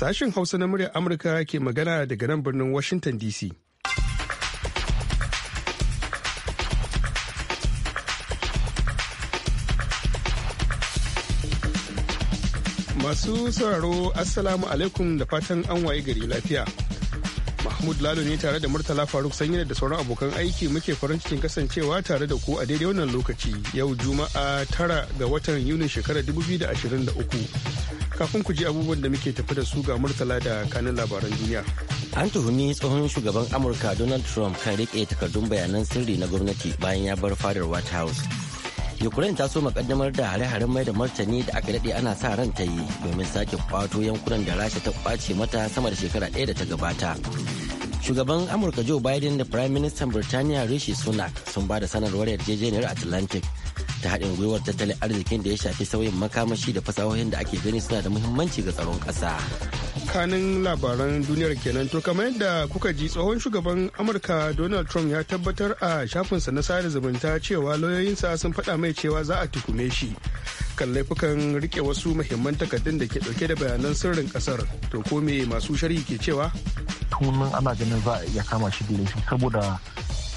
Sashen Hausa na murya Amurka ke magana daga nan birnin Washington DC. Masu sauraro Assalamu alaikum da fatan an waye gari lafiya. Mahmud Lalo ne tare da Murtala Faruk Sanyi da sauran abokan aiki muke farin cikin kasancewa tare da ku a daidai wannan lokaci yau Juma'a tara ga watan Yunin shekarar 2023. Kafin ku ji abubuwan da muke tafi da su ga Murtala da kanin labaran duniya. An tuhumi tsohon shugaban Amurka Donald Trump kan rike takardun bayanan sirri na gwamnati bayan ya bar fadar White House. Ukraine ta so makaddamar da hare-haren mai da martani da aka daɗe ana sa ran ta yi domin sake kwato yankunan da Rasha ta kwace mata sama da shekara ɗaya da ta gabata. shugaban amurka joe biden da prime minister birtaniya rishi sunak sun ba da sanarwar yarjejeniyar atlantic ta haɗin gwiwar tattalin arzikin da ya shafi sauyin makamashi da fasahohin da ake gani suna da muhimmanci ga tsaron ƙasa kanin labaran duniyar kenan to kamar yadda kuka ji tsohon shugaban amurka donald trump ya tabbatar a shafinsa na sada zumunta cewa lauyoyinsa sun faɗa mai cewa za a tukume shi kan laifukan rike wasu muhimman takardun da ke ɗauke da bayanan sirrin ƙasar to ko me masu sharhi ke cewa sunan ana ganin za a iya kama shi da laifi saboda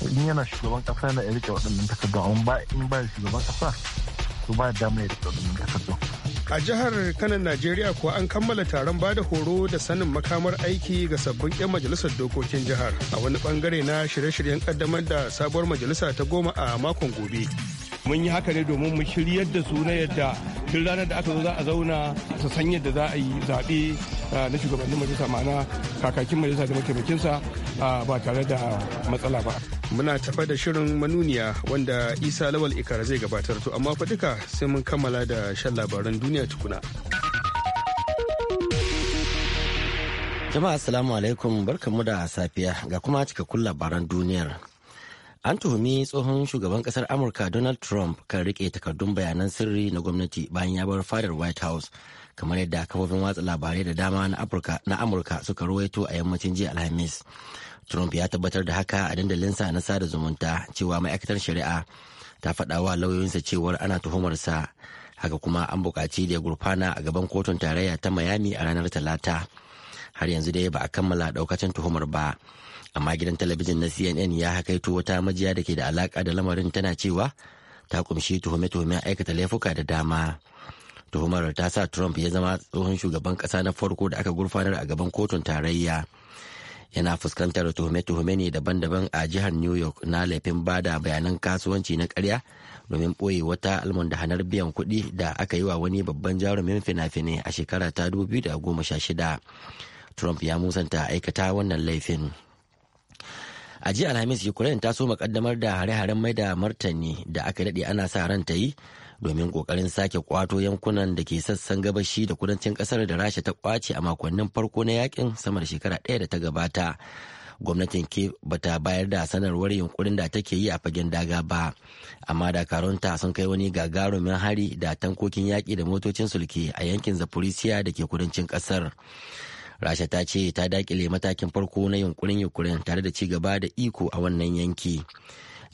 in yana shugaban kasa yana rike waɗannan takardu amma ba in ba shugaban kasa to ba da mai rike waɗannan takardu. a jihar kanan najeriya kuwa an kammala taron ba da horo da sanin makamar aiki ga sabbin 'yan majalisar dokokin jihar a wani bangare na shirye-shiryen kaddamar da sabuwar majalisa ta goma a makon gobe mun yi haka ne domin mu shiryar da su na yadda duk ranar da aka zo za a zauna ta san yadda za a yi zaɓe na shugabannin majalisa ma'ana kakakin majalisa da mataimakinsa ba tare da matsala ba. Muna tafa da shirin manuniya wanda Isa Lawal Ikara zai gabatar to amma fa duka sai mun kammala da shan labaran duniya tukuna. Jama'a assalamu alaikum barkanmu da safiya ga kuma cikakkun labaran duniyar. An tuhumi tsohon shugaban kasar Amurka Donald Trump kan rike takardun bayanan sirri na gwamnati bayan ya bar fadar White House kamar yadda kafofin watsa labarai da dama na Afirka na Amurka suka ruwaito a yammacin jiya Alhamis. Trump ya tabbatar da haka a dandalinsa na sada zumunta cewa ma'aikatar shari'a ta faɗa wa lauyoyinsa cewar ana tuhumarsa haka kuma an buƙaci da gurfana a gaban kotun tarayya ta Miami a ranar Talata. Har yanzu dai ba a kammala ɗaukacin tuhumar ba. amma gidan talabijin na cnn ya hakaito wata majiya da ke da alaka da lamarin tana cewa ta kumshi tuhume-tuhumen aikata laifuka da dama tuhumar ta sa trump ya zama tsohon shugaban kasa na farko da aka gurfanar a gaban kotun tarayya yana fuskantar tuhume-tuhume ne daban-daban a jihar new york na laifin bada bayanan kasuwanci na karya domin boye wata hanar biyan kuɗi da aka yi wa wani babban jarumin fina-finai a shekara ta 2016 trump ya musanta aikata wannan laifin. a jiya alhamis ukraine ta so makaddamar da hare-haren mai da martani da aka daɗe ana sa ran ta yi domin kokarin sake kwato yankunan da ke sassan gabashi da kudancin ƙasar da rasha ta kwace a makonnin farko na yakin sama da shekara ɗaya da ta gabata gwamnatin ke bata bayar da sanarwar yunkurin da take yi a fagen daga ba amma dakaronta sun kai wani gagarumin hari da tankokin yaki da motocin sulke a yankin zaporisiya da ke kudancin ƙasar. kasar rasha ta ce ta dakile matakin farko na yunkurin ukraine tare da ci gaba da iko a wannan yanki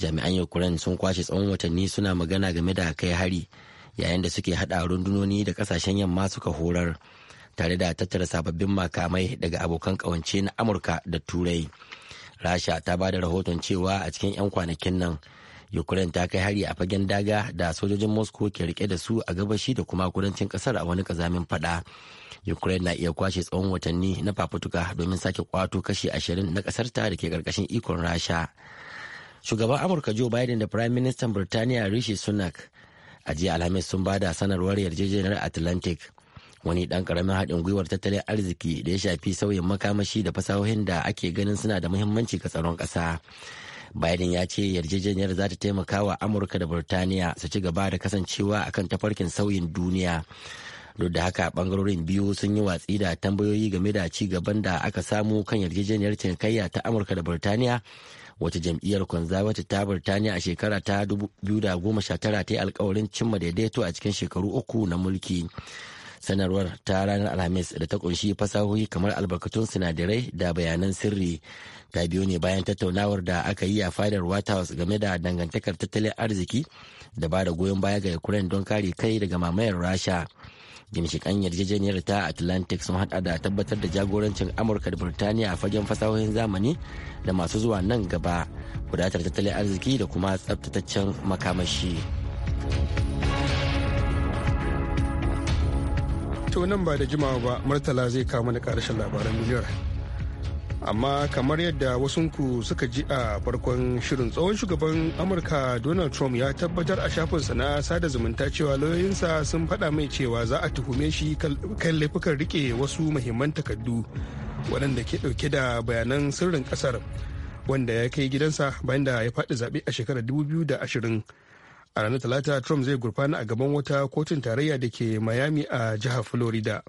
jami'an ukraine sun kwashe tsawon watanni suna magana game da kai hari yayin da suke hada rundunoni da kasashen yamma suka horar tare da tattara sababbin makamai daga abokan kawance na amurka da turai rasha ta ba da rahoton cewa a cikin 'yan kwanakin nan ukraine ta kai hari a fagen daga da sojojin moscow ke rike da su a gabashi da kuma kudancin kasar a wani kazamin fada ukraine na iya kwashe tsawon watanni na fafutuka domin sake kwato kashi ashirin na kasarta da ke karkashin ikon rasha shugaban amurka joe biden da prime minister birtaniya rishi sunak a jiya alhamis sun ba da sanarwar yarjejeniyar atlantic wani dan karamin haɗin gwiwar tattalin arziki da ya shafi sauyin makamashi da fasahohin da ake ganin suna da muhimmanci ga tsaron ƙasa biden ya ce yarjejeniyar za ta taimaka wa amurka da burtaniya su ci gaba da kasancewa a kan tafarkin sauyin duniya duk da haka bangarorin biyu sun yi watsi da tambayoyi game da ci gaban da aka samu kan yarjejeniyar cinikayya ta amurka da burtaniya wace jam'iyyar conservative ta burtaniya a shekara ta 2019 ta yi alkawarin cimma daidaito a cikin shekaru uku na mulki sanarwar ta ranar alhamis da ta kunshi fasahohi kamar albarkatun sinadarai da bayanan sirri ta biyu ne bayan tattaunawar da aka yi a fadar white house game da dangantakar tattalin arziki da ba da goyon baya ga ukraine don kare kai daga mamayar rasha ginshikan yarjejeniyar ta atlantic sun hada da tabbatar da jagorancin amurka da birtaniya a fagen fasahohin zamani da masu zuwa nan gaba wadatar tattalin arziki da kuma tsabtataccen makamashi. To nan ba da jimawa ba Murtala zai kama da karshen labaran duniyar. Amma kamar yadda wasunku suka ji a farkon shirin tsohon shugaban Amurka Donald Trump ya tabbatar a shafinsa na sada zumunta cewa lauyoyinsa sun faɗa mai cewa za a tuhume shi kan laifukan rike wasu muhimman takardu waɗanda ke ɗauke da bayanan sirrin ƙasar wanda ya kai gidansa bayan da ya faɗi zaɓe a shekarar 2020. a ranar talata trump zai gurfana a gaban wata kotun tarayya da ke miami a jihar florida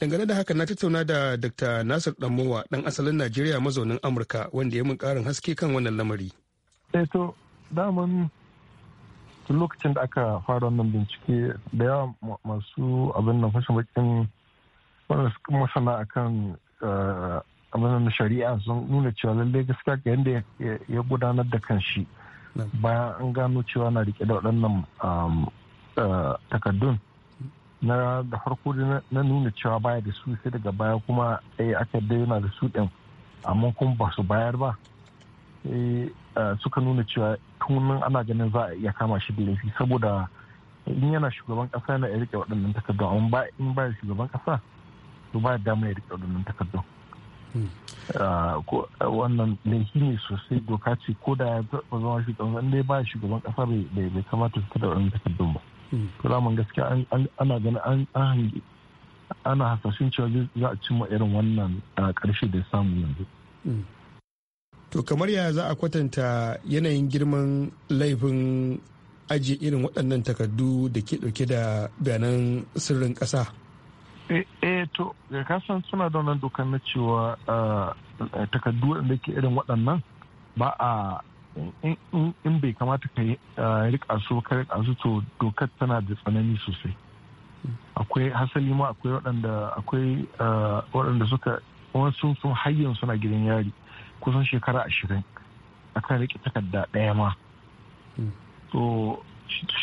dangane da haka na tattauna da dr nasir danmowa dan asalin najeriya mazaunin amurka wanda ya mun karin haske kan wannan lamari eh, to daman tun lokacin da aka fara wannan bincike da yawa masu abin nan fashin bakin masana akan eh, abin shari'a sun nuna cewa lallai gaskiya ga yadda ya gudanar da kanshi. bayan an gano cewa na rike da waɗannan um, uh, takardun na da farko na nuna cewa baya da su sai daga baya kuma eh aka yana da su ɗin amma kuma ba su bayar ba eh, uh, suka nuna cewa tunan ana ganin za a iya kama shi da laifi saboda in yana shugaban kasa yana ya rike waɗannan takardun amma in ba shugaban kasa to ba damar ya rike waɗannan takardun Ah, ah, wannan laifi ne sosai doka ce ko da ya taɓa zama shugaban dai ba shugaban ƙasa bai kamata su da wani takardun ba. Kulaman hmm. gaskiya ana gani an hangi ana hasashen cewa za a cimma irin wannan ƙarshe da samu yanzu. Hmm. To kamar ya za a kwatanta yanayin girman laifin ajiye irin waɗannan takardu da ke ɗauke da bayanan sirrin ƙasa? Eh, eh to kasan suna da wannan dokar na cewa eh, eh, takardu da ke irin waɗannan ba a in bai kamata ka rika su ka rika su to dokar tana da tsanani sosai akwai hasali ma akwai waɗanda akwai waɗanda suka wasu sun hayyan suna gidan yari kusan shekara ashirin akan rike takarda ɗaya ma to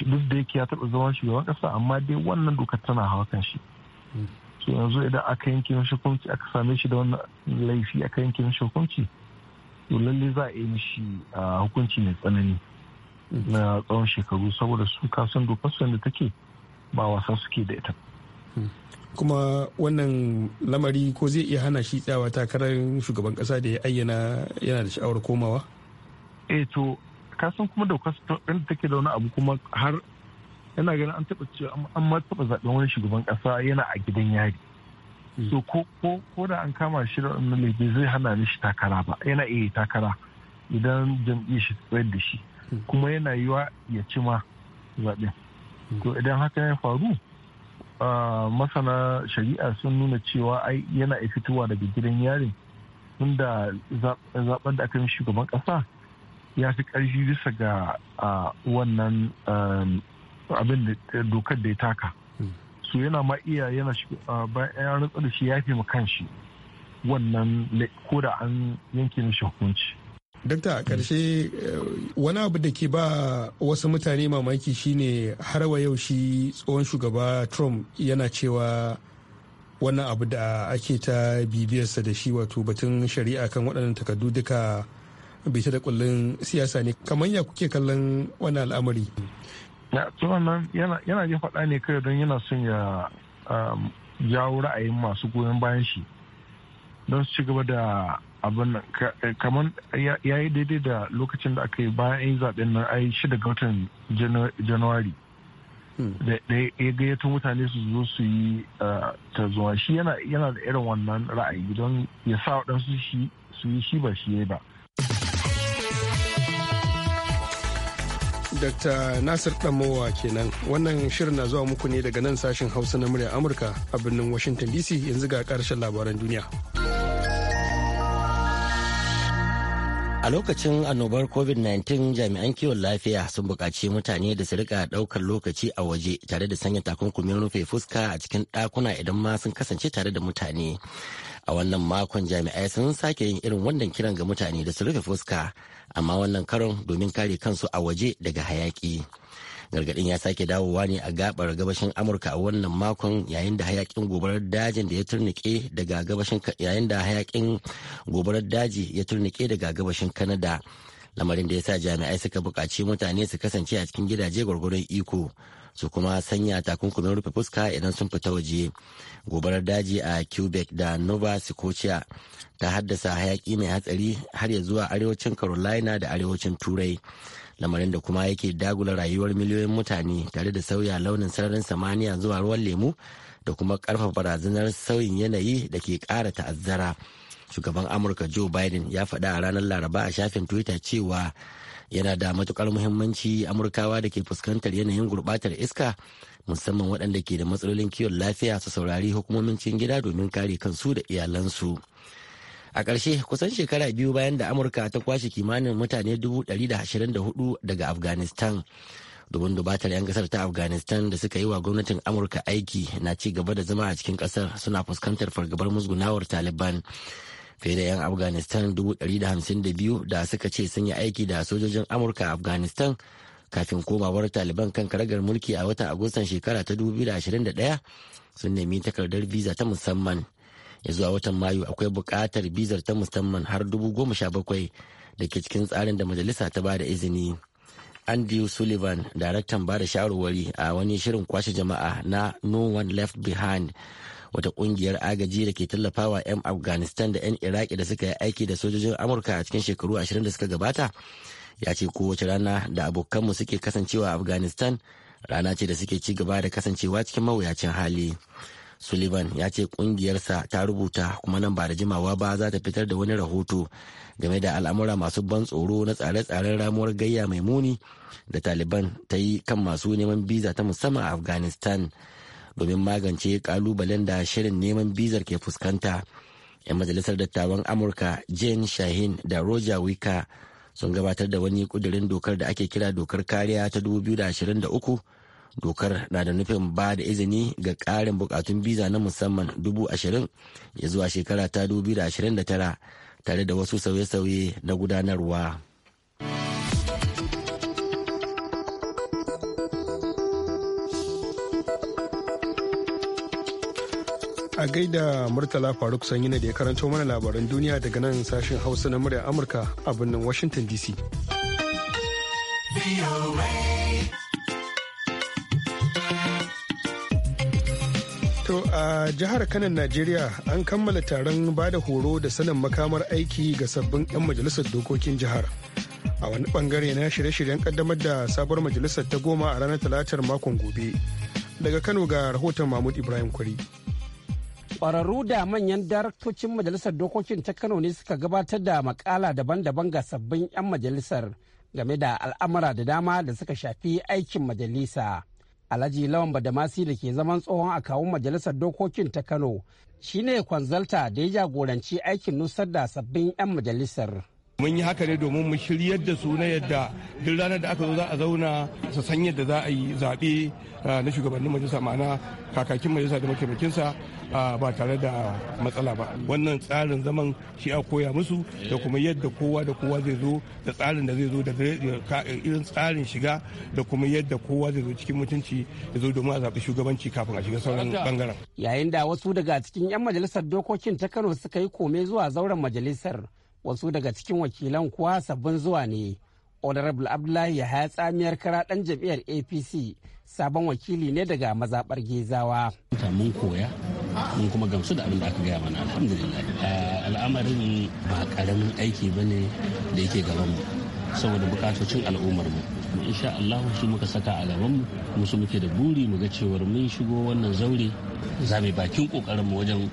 duk da yake ya taɓa zaman shugaban ƙasa amma dai wannan dokar tana hawa kan shi to yanzu idan aka yanke mashi hukunci aka same shi da wannan laifi aka yanke mashi hukunci to lalle za a yi mishi hukunci mai tsanani na tsawon shekaru saboda su kasan dokar da take ba wasa suke da ita kuma wannan lamari ko zai iya hana shi tsawa takarar shugaban kasa da ya ayyana yana da sha'awar komawa? eh to kasan kuma da da take da wani abu kuma har yana ganin an taba cewa an ma taba zaɓen wani shugaban ƙasa yana a gidan yari mm. so ko da an kama shi da wani laifi zai hana shi takara ba yana iya takara idan jam'i shi tsayar da shi mm. kuma yana yiwa ya ci ma zaɓen mm. to idan haka ya faru masana shari'a sun nuna cewa ai yana iya fitowa daga gidan yarin tunda zaben da aka yi shugaban ƙasa ya fi karfi bisa ga wannan um, abin da eh, dokar da ya taka hmm. su yana ma iya yana ah, bayan rantsar da shi ya fi kan shi wannan ko da an yanke mishi hukunci Dokta a ƙarshe eh, wani abu da ke ba wasu mutane mamaki shine har wa yau shi tsohon shugaba Trump yana cewa wannan abu da ake ta bibiyarsa da shi wato batun shari'a kan waɗannan takardu duka bita da kullun siyasa ne kamar ya kuke kallon wani al'amari. wannan yana yi faɗa ne kai don yana son ya um, jawo ra'ayin masu goyon bayan shi don su ci gaba da abin nan kamar ya yi daidai da lokacin da aka yi bayan yi zaɓen nan ai shida ga watan januwari hmm. da ya gayyato mutane su zo su yi uh, ta zuwa shi yana da irin wannan ra'ayi don ya sa waɗansu su yi shi ba shi ya ba Dr. Nasir Damowa kenan wannan shirin na zuwa muku ne daga nan sashen Hausa na murya Amurka a birnin Washington DC yanzu ga karshen labaran duniya. A lokacin annobar COVID-19 jami'an kiwon lafiya sun buƙaci mutane da su rika ɗaukar lokaci a waje tare da sanya takunkumin rufe fuska a cikin ɗakuna idan ma sun kasance tare da mutane. a wannan makon jami'ai sun sake yin irin wannan kiran ga mutane da su rufe fuska amma wannan karon domin kare kansu a waje daga hayaki gargadin ya sake dawowa ne a gabar gabashin amurka a wannan makon yayin da hayakin gobarar dajin da ya turnike daga gabashin yayin da hayakin gobarar daji ya turnike daga gabashin kanada lamarin da ya sa jami'ai suka buƙaci mutane su kasance a cikin gidaje gwargwaron iko su kuma sanya takunkumin rufe fuska idan sun fita waje gobarar daji a quebec da nova scotia ta haddasa hayaki mai hatsari har ya zuwa arewacin carolina da arewacin turai lamarin da kuma yake dagula rayuwar miliyoyin mutane tare da sauya launin sararin samaniya zuwa ruwan lemu da kuma karfafa barazanar sauyin yanayi da ke kara ta'azzara shugaban amurka joe biden ya faɗa a ranar laraba a shafin twitter cewa yana da matukar muhimmanci amurkawa da ke fuskantar yanayin gurbatar iska musamman waɗanda ke da matsalolin kiwon lafiya su saurari hukumomin cikin gida domin kare kansu da iyalansu a ƙarshe kusan shekara biyu bayan da amurka ta kwashe kimanin mutane 124 daga afghanistan domin dubatar 'yan kasar ta afghanistan da suka yi wa gwamnatin amurka aiki na ci gaba da zama a cikin ƙasar suna fuskantar fargabar musgunawar taliban fiye da 'yan afghanistan 152 da suka ce sun yi aiki da sojojin amurka a afghanistan kafin komawar taliban kan karagar mulki a watan agustan shekara ta 2021 sun nemi takardar visa ta musamman ya zuwa watan mayu akwai buƙatar bizar ta musamman har 17,000 da ke cikin tsarin da majalisa ta ba da izini andrew sullivan daraktan ba da shawarwari a wani shirin kwashe jama'a na no one left behind wata kungiyar agaji da ke tallafawa 'yan afghanistan da 'yan iraki da suka yi aiki da sojojin amurka a cikin shekaru ashirin da suka gabata ya ce kowace rana da abokanmu suke kasancewa a afghanistan rana ce da suke ci gaba da kasancewa cikin mawuyacin hali sullivan ya ce kungiyarsa ta rubuta kuma nan ba da jimawa ba za ta fitar da wani rahoto game da al'amura masu ban tsoro na tsare-tsaren ramuwar gayya mai muni da taliban ta yi kan masu neman biza ta musamman a afghanistan domin magance kalubalen da shirin neman bizar ke fuskanta 'yan majalisar dattawan amurka jane shaheen da roger wika sun gabatar da wani kudirin dokar da ake kira dokar kariya ta 2023 dokar na da nufin ba da izini ga ƙarin bukatun biza na musamman 20,000 ya zuwa shekara ta 2029 tare da wasu sauye-sauye na gudanarwa. A gaida Murtala Faruk sanyi na da ya karanto mana labaran duniya daga nan sashen Hausa na murya Amurka a birnin Washington DC. To a jihar Kanan Najeriya an kammala taron bada horo da sanin makamar aiki ga sabbin 'yan majalisar dokokin jihar. a wani bangare na shirye-shiryen kaddamar da sabuwar majalisar ta goma a ranar talatar makon gobe daga kano ga rahoton mahmud ibrahim kwari kwararru da manyan daraktocin Majalisar Dokokin ta Kano ne suka gabatar da makala daban-daban ga sabbin 'yan majalisar game da al'amura da dama da suka shafi aikin majalisa. Alhaji Lawan Badamasi da ke zaman tsohon akawun Majalisar Dokokin ta Kano shi ne kwanzalta da ya jagoranci aikin nusar da sabbin 'yan majalisar. mun yi haka ne domin mu shiryar da su na yadda duk ranar da aka zo za a zauna su san yadda za a yi zaɓe ah, na shugabannin majalisa ma'ana kakakin majalisa da mataimakinsa ba tare da matsala ba wannan tsarin zaman shi a koya musu da kuma yadda kowa da kowa zai zo da tsarin da zai zo da irin tsarin shiga da kuma yadda kowa zai zo cikin mutunci ya zo domin a zaɓi shugabanci kafin a shiga sauran bangaren yayin da wasu daga cikin 'yan majalisar dokokin ta kano suka yi kome zuwa zauren majalisar wasu daga cikin wakilan kuwa sabbin zuwa ne honorable abdullahi haya tsamiyar kara dan jam'iyyar apc sabon wakili ne daga mazaɓar gezawa mun koya mun kuma gamsu da abin da aka gaya mana alhamdulillah eh, al'amarin ba karamin aiki ba ne da yake gabanmu saboda bukatocin al'ummar mu insha Allah su muka saka a gaban mu su muke da buri mu ga cewar mun shigo wannan zaure za mu bakin kokarin mu wajen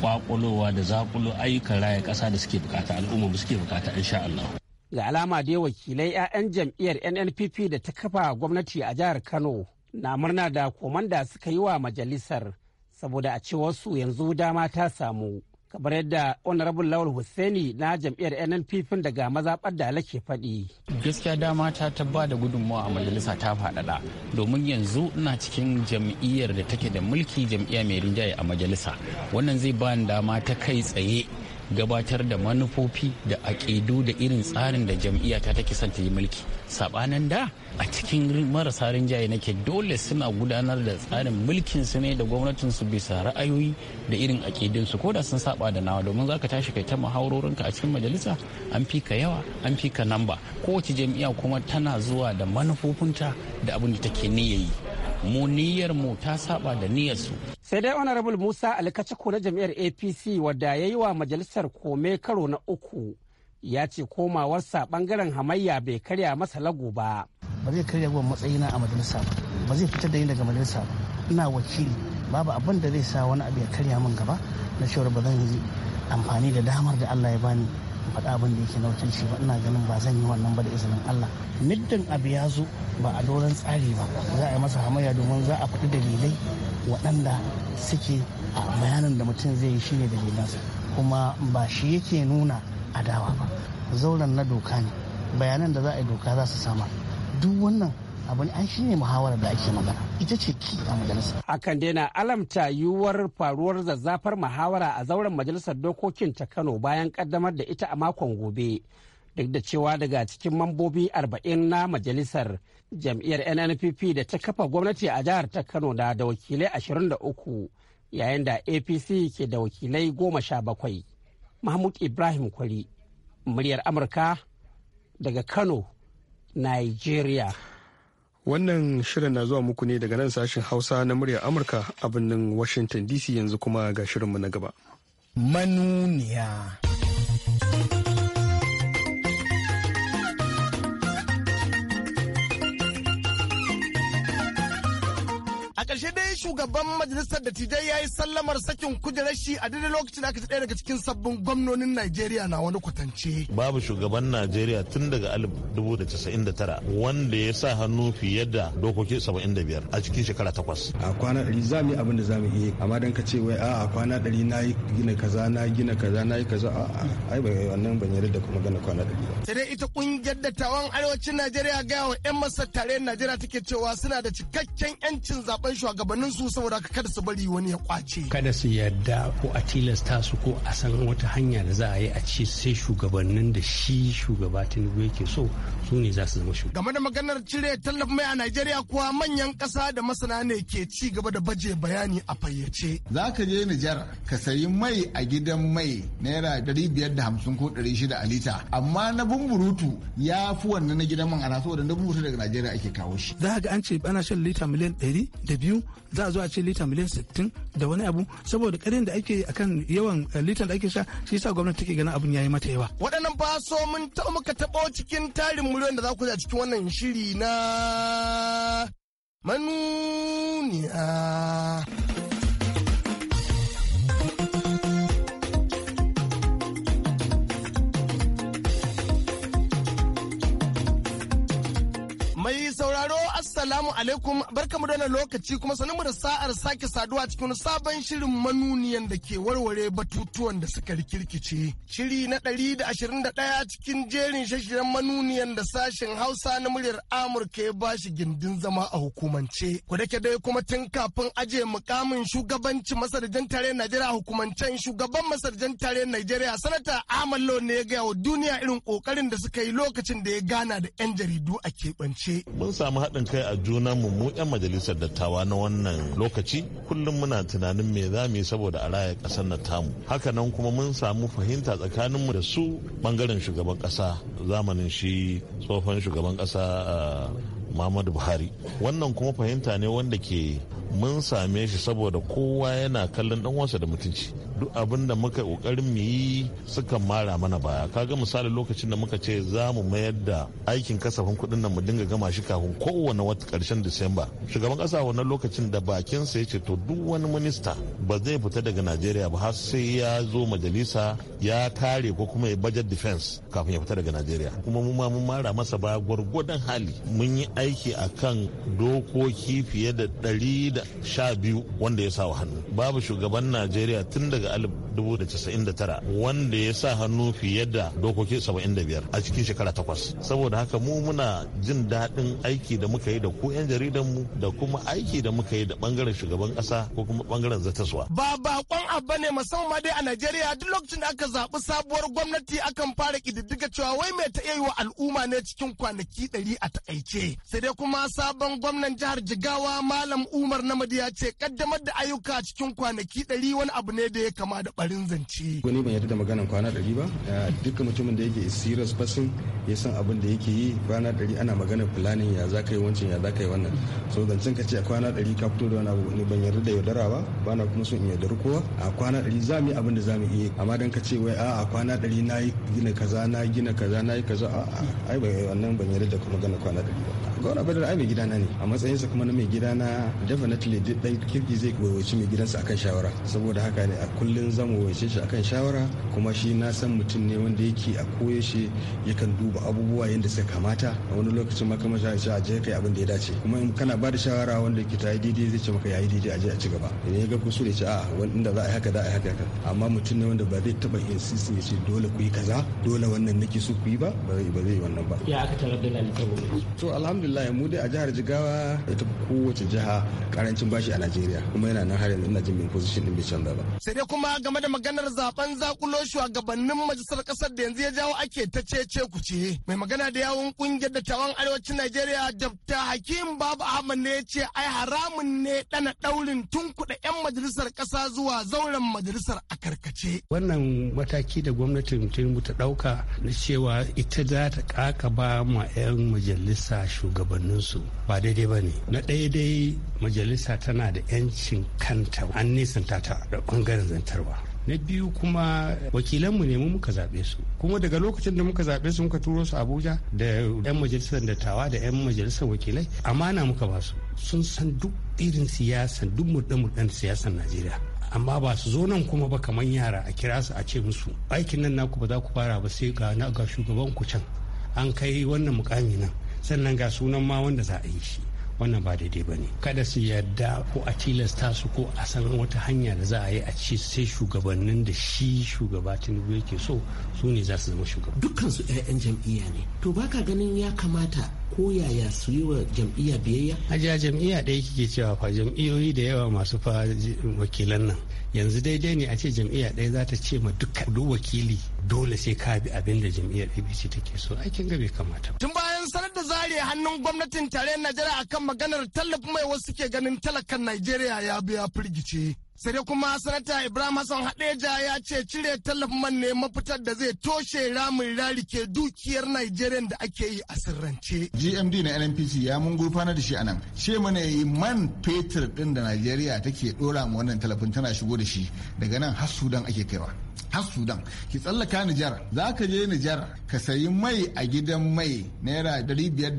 kwakulowa da zakulo ayyukan raya kasa da suke bukata al'umma suke bukata insha Allah ga alama dai wakilai 'ya'yan jam'iyyar nnpp da ta kafa gwamnati a jihar kano na murna da komanda suka yi wa majalisar saboda a cewarsu yanzu dama ta samu kamar yadda honorable lawal hussaini na jam'iyyar nnpp daga maza da alake faɗi. gaskiya dama ta tabba da gudunmawa a majalisa ta faɗaɗa domin yanzu ina cikin jam'iyyar da take da mulki jam'iyya mai rinjaye a majalisa wannan zai ba dama ta kai tsaye gabatar da manufofi da aƙidu da irin tsarin da jam'iyya ta take son ta yi mulki sabanin da a cikin marasa rinjaye nake dole suna gudanar da tsarin mulkin su ne da gwamnatin su bisa ra'ayoyi da irin aƙidun su ko da sun saba da nawa domin zaka tashi kai ta ka a cikin majalisa an fi ka yawa an fi ka namba kowace jam'iyya kuma tana zuwa da manufofinta da abin da take niyyayi mu niyyar mu ta saba da niyyar su sai dai honorable musa alkaciko na jam'iyyar apc wadda ya yi wa majalisar kome karo na uku ya ce komawarsa bangaren hamayya bai karya masa lagu ba ba zai karya wa matsayina a majalisa ba ba zai fitar da yin daga majalisa ba ina wakili babu abin da zai sa wani abu ya karya min gaba na shawar ba zan amfani da damar da Allah ya bani faɗa abin da yake na shi ba ina ganin ba zan yi wannan ba da izinin Allah muddin abu ya zo ba a doron tsari ba za a yi masa hamayya domin za a faɗi dalilai waɗanda suke a bayanin da mutum zai yi shine dalilansa kuma ba shi yake nuna adawa ba zauren na doka ne bayanan da za a yi doka za su samar duk wannan abu ne an shi ne muhawarar da ake magana ita ce ki a majalisa. akan na alamta yiwuwar faruwar zazzafar muhawara a zauren majalisar dokokin ta kano bayan kaddamar da ita a makon gobe duk da cewa daga cikin mambobi arba'in na majalisar jam'iyyar nnpp da ta kafa gwamnati a jihar ta kano na da wakilai ashirin da uku yayin da apc ke da wakilai goma sha bakwai mahmud ibrahim kwari muryar amurka daga kano nigeria Wannan shirin na zuwa muku ne daga nan sashen Hausa na muryar Amurka a birnin Washington DC yanzu kuma ga shirinmu na gaba. Manuniya. A ƙarshe dai shugaban majalisar tijai ya yi sallamar sakin kujerar shi a daidai lokacin da aka ci ɗaya daga cikin sabbin gwamnonin Najeriya na wani kwatance. Babu shugaban Najeriya tun daga 1999 wanda ya sa hannu fiye da dokoki 75 a cikin shekara takwas. A kwana ɗari za mu yi abin da za mu iya amma dan ka ce wai a kwana ɗari na yi gina kaza na gina kaza na yi kaza a ai bai wannan ban yarda da kuma gana kwana ɗari ba. Sai dai ita ƙungiyar dattawan arewacin Najeriya gaya wa 'yan masa tare Najeriya take cewa suna da cikakken 'yancin zaben shugabannin su saboda kada su bari wani ya kwace kada su yadda ko a tilasta su ko a san wata hanya da za a yi a ci sai shugabannin da shi shugaba tinubu yake so su ne za su zama shugaba game da maganar cire tallafin mai a najeriya kuwa manyan kasa da masana ne ke ci gaba da baje bayani a fayyace za ka je nijar ka sayi mai a gidan mai naira dari biyar da hamsin ko dari shida a lita amma na bumburutu ya fi wannan na gidan man ana saboda na bumburutu daga najeriya ake kawo shi za ka ga an ce ana shan lita miliyan ɗari da biyu za a zo a ce lita miliyan sittin da wani abu saboda karin da ake akan yawan eh, litan da ake sha shi yasa gwamnati take ganin abin yayi mata yawa waɗannan ba mun taɓa muka taɓa cikin tarin miliyan da za ku a cikin wannan shiri na manuniya Assalamu alaikum barkamu da wannan lokaci kuma sanin mu da sa'ar sake saduwa cikin sabon shirin manuniyan da ke warware batutuwan da suka rikirkice. Shiri na ɗari da da ɗaya cikin jerin shashiran manuniyan da sashen Hausa na muryar Amurka ya bashi gindin zama a hukumance. Ku dake dai kuma tun kafin aje mukamin shugabanci masarjan tare Najeriya hukumancen shugaban masarjan tare Najeriya sanata Ahmad ne ya gaya wa duniya irin kokarin da suka yi lokacin da ya gana da 'yan jaridu a keɓance. Mun samu haɗin kai a juna juna mu 'yan majalisar dattawa na wannan lokaci kullum muna tunanin me za mu yi saboda a raya ƙasar na tamu hakanan kuma mun samu fahimta tsakaninmu da su bangaren shugaban kasa zamanin shi tsohon shugaban ƙasa ah, muhammadu buhari wannan kuma fahimta ne wanda ke mun same shi saboda kowa yana kallon dan wasa da mutunci duk abin da muka kokarin mu yi suka mara mana baya kaga misali lokacin da muka ce za mu mayar da aikin kasafin kuɗin nan mu dinga gama shi kafin kowane wata karshen disamba shugaban kasa wannan lokacin da bakin sa yace to duk wani minista ba zai fita daga najeriya ba har sai ya zo majalisa ya kare ko kuma ya budget defense kafin ya fita daga najeriya kuma mu ma mun mara masa baya gwargwadon hali mun yi aiki akan dokoki fiye da ɗari da. biyu wanda ya sa hannu babu shugaban najeriya tun daga 1999 wanda ya sa hannu fiye da dokoki 75 a cikin shekara takwas saboda haka mu muna jin daɗin aiki da muka yi da ku 'yan jaridanmu da kuma aiki da muka yi da bangaren shugaban ƙasa ko kuma bangaren zatasuwa ba bakon abu ne musamman dai a najeriya duk lokacin da aka zaɓi sabuwar gwamnati akan fara ƙididdiga cewa wai mai ta iya yi wa al'umma ne cikin kwanaki ɗari a takaice sai dai kuma sabon gwamnan jihar jigawa malam umar Namadi ya ce kaddamar da ayyuka cikin kwanaki ɗari wani abu ne da ya kama da barin zance. Wani ban yarda da maganan kwana ɗari ba dukkan mutumin da yake serious person ya san abin da yake yi kwana ɗari ana magana planning ya za ka yi wancan ya za ka yi wannan so zancen ka ce a kwana ɗari ka fito da wani abu ne ban yarda da yaudara ba ba na kuma son in yaudar kowa a kwana ɗari za mu yi abin da za mu iya amma dan ka ce wai a a kwana ɗari na yi gina kaza na gina kaza na yi kaza a a ai wannan ban yarda da magana kwana ɗari ba. Gwamna da ai mai gidana ne a matsayinsa kuma na mai gidana dafa na definitely dan kirki zai waiwaci mai gidansa akan shawara saboda haka ne a kullun zan waiwace shi akan shawara kuma shi na san mutum ne wanda yake a koyaushe yakan duba abubuwa yadda suka kamata a wani lokacin ma kamar shi a je kai abin da ya dace kuma in kana ba da shawara wanda ke ta yi daidai zai ce maka yi daidai a je a ci gaba idan ya ga kusur ya ce a wanda za a yi haka za a yi haka amma mutum ne wanda ba zai taba insisting ya ce dole ku yi kaza dole wannan nake so ku yi ba ba zai yi wannan ba ya aka tarar da to alhamdulilah mu dai a jihar jigawa ita kowace jiha karancin bashi a Najeriya kuma yana nan har yanzu ina jin min position din bai canza ba. Sai dai kuma game da maganar zaben zakulo shugabannin majalisar kasar da yanzu ya jawo ake ta cece kuce. Mai magana da yawun kungiyar dattawan arewacin Najeriya Dr. Hakim Babu Ahmad ne ce ai haramun ne dana daurin tunkuɗa 'yan majalisar kasa zuwa zauren majalisar a karkace. Wannan mataki da gwamnatin Tinubu ta ɗauka na cewa ita za ta kaka ba ma 'yan majalisa shugabanninsu ba daidai ba ne. Na ɗaya majalisa majalisa tana da 'yancin kanta an nisanta ta da bangaren zantarwa na biyu kuma wakilanmu ne mu muka zaɓe su kuma daga lokacin da muka zaɓe su muka turo su abuja da 'yan majalisar dattawa da 'yan majalisar wakilai amana muka ba su sun san duk irin siyasan duk murɗe-murɗen siyasan najeriya amma ba su zo nan kuma ba kamar yara a kira su a ce musu aikin nan naku ba za ku fara ba sai ga na ga shugaban ku can an kai wannan mukami nan sannan ga sunan ma wanda za a yi shi wannan ba daidai ba ne kada su yadda ko a tilasta su ko a san wata hanya da za a yi a ci sai shugabannin da shi shugaba tinubu yake so su ne za su zama shugaba dukkan su 'ya'yan jam'iyya ne to baka ganin ya kamata ko yaya su yi wa jam'iyya biyayya ajiya jam'iyya ɗaya kike cewa fa jam'iyyoyi da yawa masu fa wakilan nan yanzu daidai ne a ce jam'iyya ɗaya za ta ce ma duka duk wakili dole sai ka bi abin da jam'iyyar abc take so aikin gabe kamata tun bayan sanar da karye hannun gwamnatin tare Najeriya akan maganar tallafin mai wasu ke ganin talakan Najeriya ya biya firgice. sai kuma sanata ibrahim hassan hadeja ya ce cire tallafin man ne mafitar da zai toshe ramin rarike dukiyar Najeriya da ake yi a sirrance gmd na nnpc ya mun gurfana da shi anan ce mana yi man fetur din da najeriya take dora wannan talafin tana shigo da shi daga nan har sudan ake kaiwa har sudan ki tsallaka nijar za ka je nijar ka sayi mai a gidan mai naira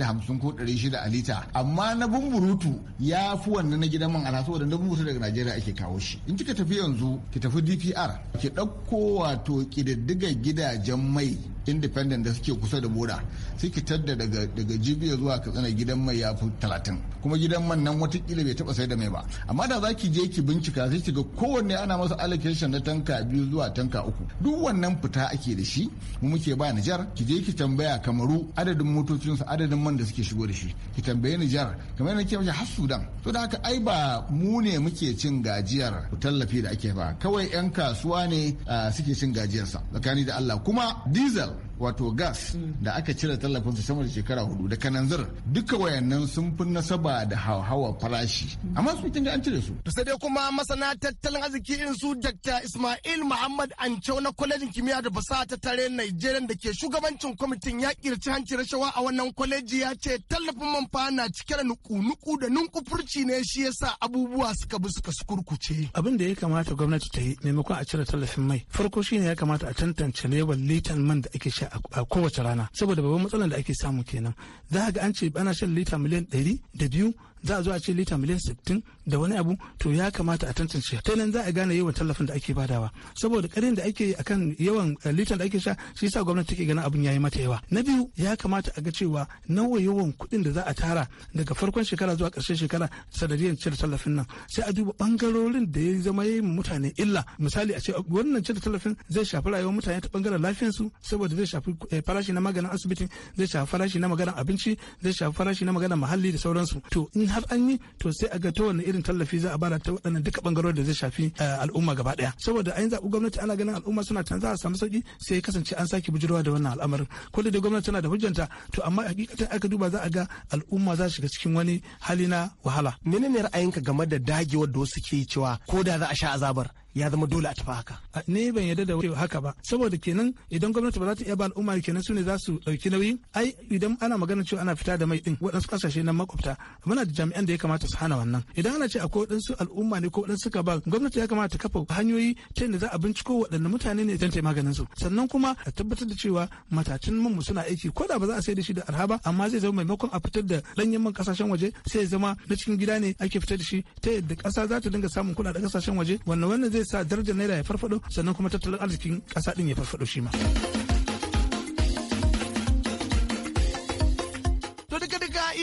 hamsin ko shida a lita amma na bumburutu ya fi wannan na gidan man saboda wadanda bumburutu daga najeriya ake kawo shi in kika tafi yanzu ki tafi dpr ki ɗauko wato ƙididdigar gidajen mai independent da suke kusa da boda sai ki tadda daga daga jibiya zuwa katsina gidan mai ya fi talatin kuma gidan man nan watakila bai taba sai da mai ba amma da za ki je ki bincika sai ki ga kowanne ana masa allocation na tanka biyu zuwa tanka ninka uku duk wannan fita ake da shi mu muke ba Nijar ki je ki tambaya Kamaru adadin motocinsu adadin man da suke shigo da shi ki tambaye Nijar kamar yadda ke mace har Sudan to da haka ai ba mu ne muke cin gajiyar tallafi da ake ba kawai 'yan kasuwa ne ah, suke cin gajiyarsa tsakani da Allah kuma diesel wato gas da aka cire tallafin su sama da shekara hudu da kananzir duka wayannan sun fi nasaba da hawa farashi amma su tun an cire su to sai dai kuma masana tattalin arziki in su Dr. Ismail Muhammad Ancau na kwalejin kimiyya da fasaha ta tare Nigerian da ke shugabancin kwamitin yaƙi da hanci rashawa a wannan kwaleji ya ce tallafin man fa na cike da nuku-nuku da nunkufurci ne shi yasa abubuwa suka bi suka sukurkuce abin da ya kamata gwamnati ta yi maimakon a cire tallafin mai farko shine ya kamata a tantance lebar litan man da ake sha a kowace rana saboda babban matsalar da ake samu kenan za ga an ce ana shan lita miliyan ɗari da biyu za a zo a ce lita miliyan sittin da wani abu to ya kamata a tantance ta nan za a gane yawan tallafin da ake badawa saboda karin da ake akan yawan eh, litan da ake sha shi yasa gwamnati take ganin abin yayi mata yawa na biyu ya kamata a ga cewa nawa yawan kuɗin da za a tara daga farkon shekara zuwa ƙarshen shekara sanadiyar cire tallafin nan sai a duba bangarorin da ya zama yayi mutane illa misali a ce uh, wannan cire tallafin zai shafi rayuwar mutane ta bangaren lafiyarsu saboda zai shafi eh, farashi na maganin asibiti zai shafi farashi na maganin abinci zai shafi farashi na maganin muhalli da sauransu to in har an yi to sai a ga ta wani irin tallafi za a bada ta waɗannan duka bangarori da zai shafi eh, al'umma gaba ɗaya saboda an zaɓi gwamnati ana ganin al'umma suna can za a samu sauki sai ya kasance an sake bujirwa da wannan al'amarin ko da gwamnati tana da hujjanta to amma hakikatan aka duba za a ga al'umma za shiga cikin wani hali na wahala menene ra'ayinka game da dagewar da wasu ke cewa ko da za a sha azabar ya zama dole a tafi haka ne ban yarda da haka ba saboda kenan idan gwamnati ba za ta iya ba al'umma kenan su ne za su ɗauki nauyi ai idan ana magana cewa ana fita da mai ɗin waɗansu kasashe na makwabta muna da jami'an da ya kamata su hana wannan idan ana ce akwai waɗansu al'umma ne ko waɗansu ka ba gwamnati ya kamata ta kafa hanyoyi ta yadda za a binciko waɗanne mutane ne don ta maganin su sannan kuma a tabbatar da cewa matacin man mu suna aiki ko da ba za a sayar da shi da arha ba amma zai zama maimakon a fitar da ɗanyen man ƙasashen waje sai zama na cikin gida ne ake fitar da shi ta yadda ƙasa za ta dinga samun da ƙasashen waje wannan wannan zai sa darajar naira ya farfado sannan kuma tattalin arzikin ƙasa din ya farfado shi ma.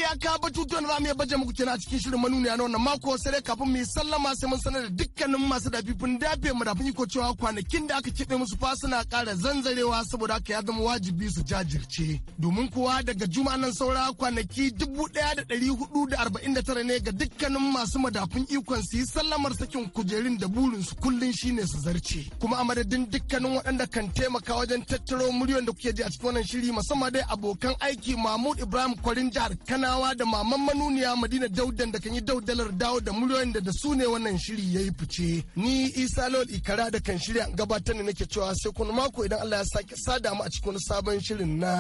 iyaka batutuwan da za mu iya baje muku kina cikin shirin manuniya na wannan mako sai dai kafin mu yi sallama sai mun sanar da dukkanin masu dafifin dafe mu dafin iko cewa kwanakin da aka kiɗe musu fa suna ƙara zanzarewa saboda aka ya zama wajibi su jajirce domin kuwa daga juma nan saura kwanaki dubu ɗaya da ɗari hudu da arba'in da tara ne ga dukkanin masu madafin ikon su yi sallamar sakin kujerin da burin su kullum shine su zarce kuma a madadin dukkanin waɗanda kan taimaka wajen tattaro miliyon da kuke ji a cikin wannan shiri musamman dai abokan aiki mahmud ibrahim kwarin jihar kanawa rawa da maman manuniya Madina Daudan da kan yi daudalar dawo da muryoyin da da su ne wannan shiri ya yi fice. Ni Isa Lawal Ikara da kan shirya gabatar ne nake cewa sai kuma mako idan Allah ya sake sada mu a cikin wani sabon shirin na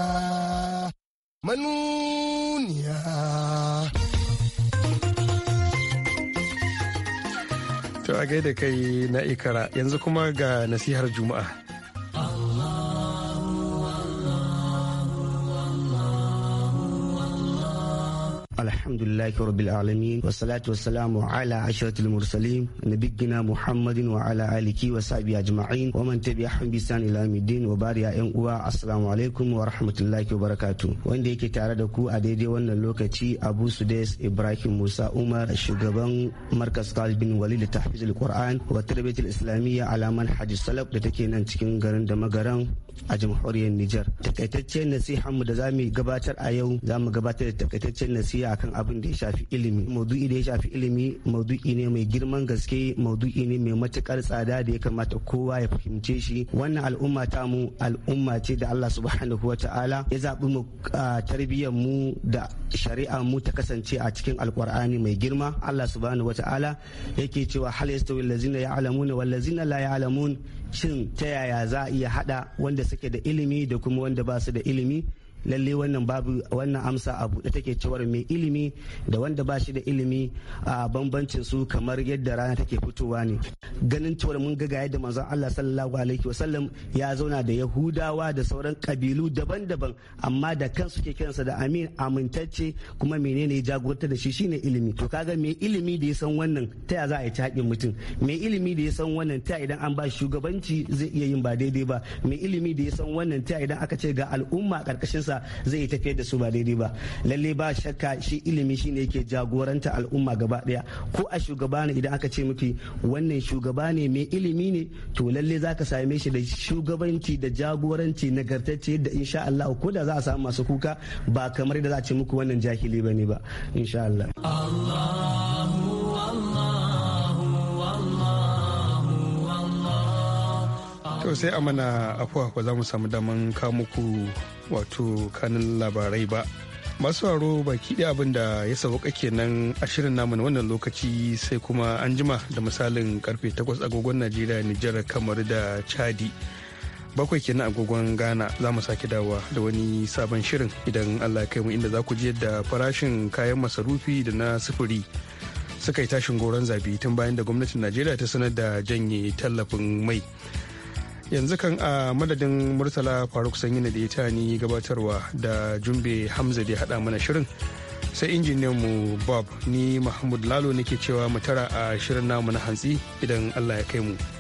manuniya. To a gaida kai na Ikara yanzu kuma ga nasihar Juma'a. alhamdulillahi rabbil alamin wassalatu wassalamu ala ashratil mursalin nabiyina muhammadin wa ala alihi wa sahbihi ajma'in wa man tabi'ahum bi ihsan ila wa bari ya yan uwa assalamu wa rahmatullahi wa barakatuh wanda yake tare da ku a daidai wannan lokaci abu sudes ibrahim musa umar shugaban markas bin walid da tahfizul qur'an wa tarbiyatul islamiyya ala manhaj salaf da take nan cikin garin da magaran a jamhuriyar Nijar. takaitaccen nasiha mu da zamu gabatar a yau Za mu gabatar da takaitaccen nasiha a akan abin da ya shafi ilimi maudu'i da ya shafi ilimi maudu'i ne mai girman gaske maudu'i ne mai matukar tsada da ya kamata kowa ya fahimce shi wannan al'umma ta mu al'umma ce da Allah subhanahu wata'ala ya zaɓi mu tarbiyyar mu da shari'a mu ta kasance a cikin alkur'ani mai girma Allah subhanahu wata'ala yake cewa hal yastawi allazina ya'lamuna wal ladzina la ya'lamun shin ta yaya za a iya hada wanda suke da ilimi da kuma wanda ba su da ilimi lalle wannan babu wannan amsa a buɗe take cewar mai ilimi da wanda ba shi da ilimi a bambancin su kamar yadda rana take fitowa ne ganin cewar mun ga yadda manzon Allah sallallahu alaihi wasallam ya zauna da yahudawa da sauran kabilu daban-daban amma da kansu ke kiransa da amin amintacce kuma menene ya jagorta da shi shine ilimi to kaga mai ilimi da ya san wannan ta za a yi haƙin mutum mai ilimi da ya san wannan ta idan an ba shugabanci zai iya yin ba daidai ba mai ilimi da ya san wannan ta idan aka ce ga al'umma karkashin sa sa zai yi tafiyar da su ba daidai ba lalle ba shakka shi ilimi shine yake jagoranta al'umma gaba daya ko a shugaba ne idan aka ce miki wannan shugaba ne mai ilimi ne to lalle zaka same shi da shugabanci da jagoranci nagartacce da insha Allah ko da za a samu masu kuka ba kamar da za a ce muku wannan jahili bane ba insha Allah Allah to sai a mana afuwa ba za mu samu daman muku wato kanin labarai ba masu haro baki ɗaya abin da ya sauka kenan ashirin shirin namu na wannan lokaci sai kuma an jima da misalin karfe 8 agogon najeriya nijar kamar da chadi bakwai kenan agogon ghana za mu sake dawa da wani sabon shirin idan allah kai mu inda za ku ji yadda farashin kayan masarufi da na sufuri suka yi tashin goron zabi tun bayan da gwamnatin najeriya ta sanar da janye tallafin mai yanzu kan a madadin murtala faruk sanyi da ya ni gabatarwa da jumbe hamza da haɗa mana shirin sai mu bob ni mahmud lalo nake cewa mu tara a shirin namu na hantsi idan allah ya kai mu.